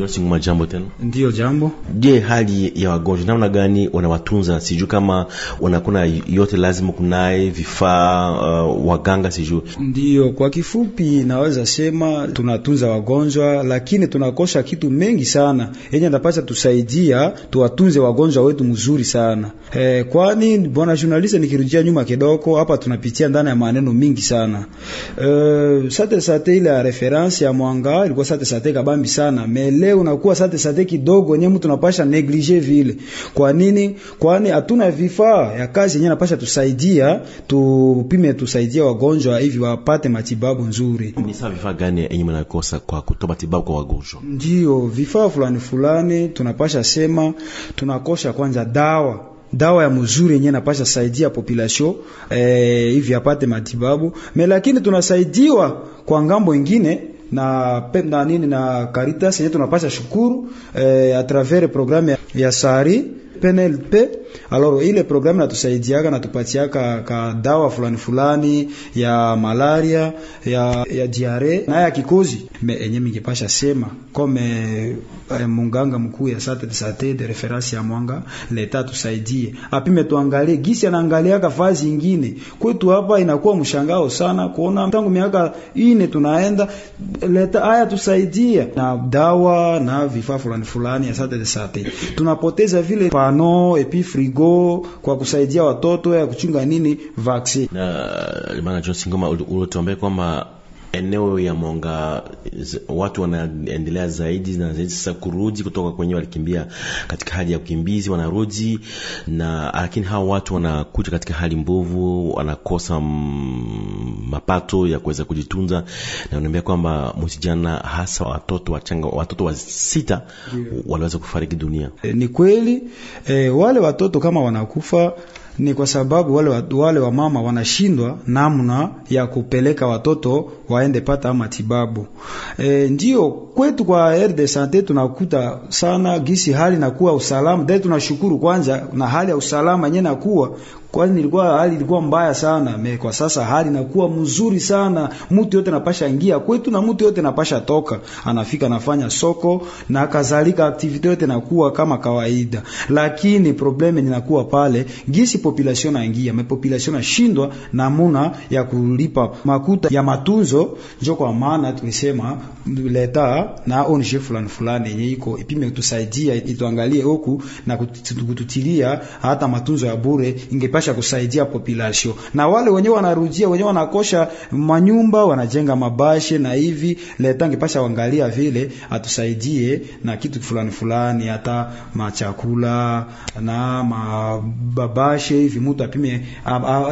Johnson, mwa jambo tena. Ndiyo jambo. Je, hali ya wagonjwa namna gani wanawatunza? Sijui kama wanakuna yote, lazima kunaye vifaa uh, waganga sijui. Ndiyo, kwa kifupi naweza sema tunatunza wagonjwa, lakini tunakosha kitu mengi sana yenye ndapasa tusaidia tuwatunze wagonjwa wetu mzuri sana e, kwani bwana journalist, nikirudia nyuma kidogo hapa tunapitia ndani ya maneno mingi sana e, sate sate ile ya reference ya mwanga ilikuwa sate sate kabambi sana mele leo unakuwa sante sante kidogo yenye mtu neglige vile. Kwa nini? Kwani hatuna vifaa ya kazi yenye napasha tusaidia, tupime tusaidia wagonjwa hivi wapate matibabu nzuri. Ni sawa vifaa gani yenye mnakosa kwa kutoa matibabu kwa wagonjwa? Ndio, vifaa fulani fulani tunapasha sema tunakosha kwanza dawa dawa ya mzuri yenyewe napasha saidia population eh, hivi apate matibabu me, lakini tunasaidiwa kwa ngambo ingine na penda nini na Caritas yenye tunapasha shukuru eh, a travers programme ya sari PNLP. Alors ile programu natusaidiaka natupatiaka ka dawa fulani fulani ya malaria ya, ya diare na ya kikozi me enye mingipasha sema kome eh, munganga mkuu ya sate de sate de reference ya mwanga leta tusaidie, apime tuangalie gisi anaangaliaka fazi ingine kwetu hapa. Inakuwa mshangao sana kuona tangu miaka ine tunaenda leta aya tusaidie na dawa na vifaa fulani fulani ya sate de sate tunapoteza vile pa pano epi frigo kwa kusaidia watoto ya kuchunga nini vaksi na maana Johnson Ngoma ulituambia kwamba eneo ya Monga watu wanaendelea zaidi na zaidi sasa kurudi kutoka kwenye walikimbia katika hali ya ukimbizi, wanarudi na lakini hao watu wanakuja katika hali mbovu, wanakosa mapato ya kuweza kujitunza, na unaambia kwamba msijana hasa watoto wachanga, watoto wa sita yeah, waliweza kufariki dunia. E, ni kweli e, wale watoto kama wanakufa ni kwa sababu wale, wa, mama wanashindwa namna ya kupeleka watoto waende pata matibabu e, ndio kwetu kwa RD Sante tunakuta sana gisi hali nakuwa usalama dai, tunashukuru kwanza na hali ya usalama yenyewe nakuwa kwani nilikuwa hali ilikuwa mbaya sana me, kwa sasa hali inakuwa mzuri sana. Mtu yote anapasha ingia kwetu na mtu yote anapasha toka, anafika anafanya soko na kadhalika, activity yote inakuwa kama kawaida, lakini probleme ninakuwa pale gisi population naingia me, population nashindwa namuna ya kulipa makuta ya matunzo, njo kwa maana tumesema leta na onje fulani fulani yenye iko ipime kutusaidia ituangalie huku na kututilia hata matunzo ya bure ingepa kupasha kusaidia population, na wale wenyewe wanarudia wenyewe wanakosha manyumba wanajenga mabashe na hivi leta ngipasha angalia vile atusaidie na kitu fulani fulani, hata machakula na mababashe hivi, mtu apime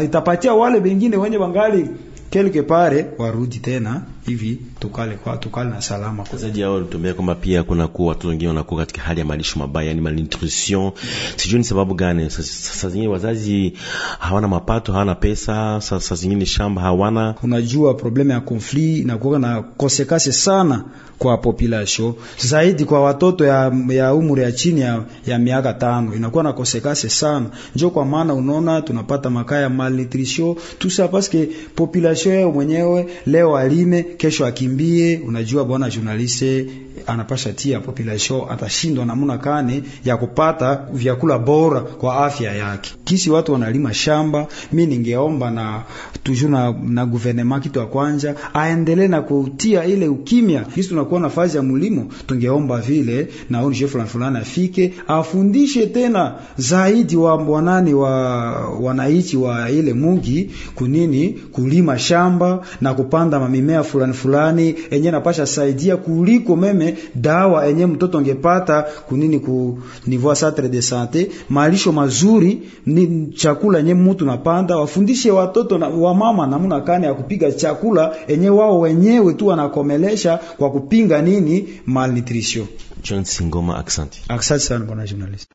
itapatia wale wengine wenye wangali kelke pare warudi tena hivi tukale kwa tukale na salama. kwa Zaidi yao tumia kwamba pia kuna kuwa watu wengine wanakuwa katika hali ya malisho mabaya, yani malnutrition. Sijui ni sababu gani. Sasa zingine wazazi hawana mapato, hawana pesa, sasa zingine shamba hawana. Unajua problema ya conflict na kuwa na kosekase sana kwa population, zaidi kwa watoto ya, ya umri ya chini ya, ya miaka tano inakuwa na kosekase sana, njoo kwa maana unaona tunapata makaya malnutrition tusa que population yao mwenyewe leo alime kesho akimbie. Unajua bwana journaliste anapasha tia population, atashindwa namna kani ya kupata vyakula bora kwa afya yake. Kisi watu wanalima shamba, mi ningeomba na tuju na, na gouvernement kitu ya kwanza aendelee na kutia ile ukimya. Kisi tunakuwa na fazi ya mlimo, tungeomba vile na ONG fulani fulani afike afundishe tena zaidi wa bwanani wa wananchi wa ile mugi kunini kulima shamba na kupanda mamimea fulani fulani fulani enye napasha saidia kuliko meme dawa enye mtoto angepata kunini ku niveau centre de santé, malisho mazuri ni chakula enye mtu napanda. Wafundishe watoto na wamama namna kani ya kupiga chakula enye wao wenyewe tu wanakomelesha kwa kupinga nini malnutrition. John Singoma, accent. Accent sana bwana journalist.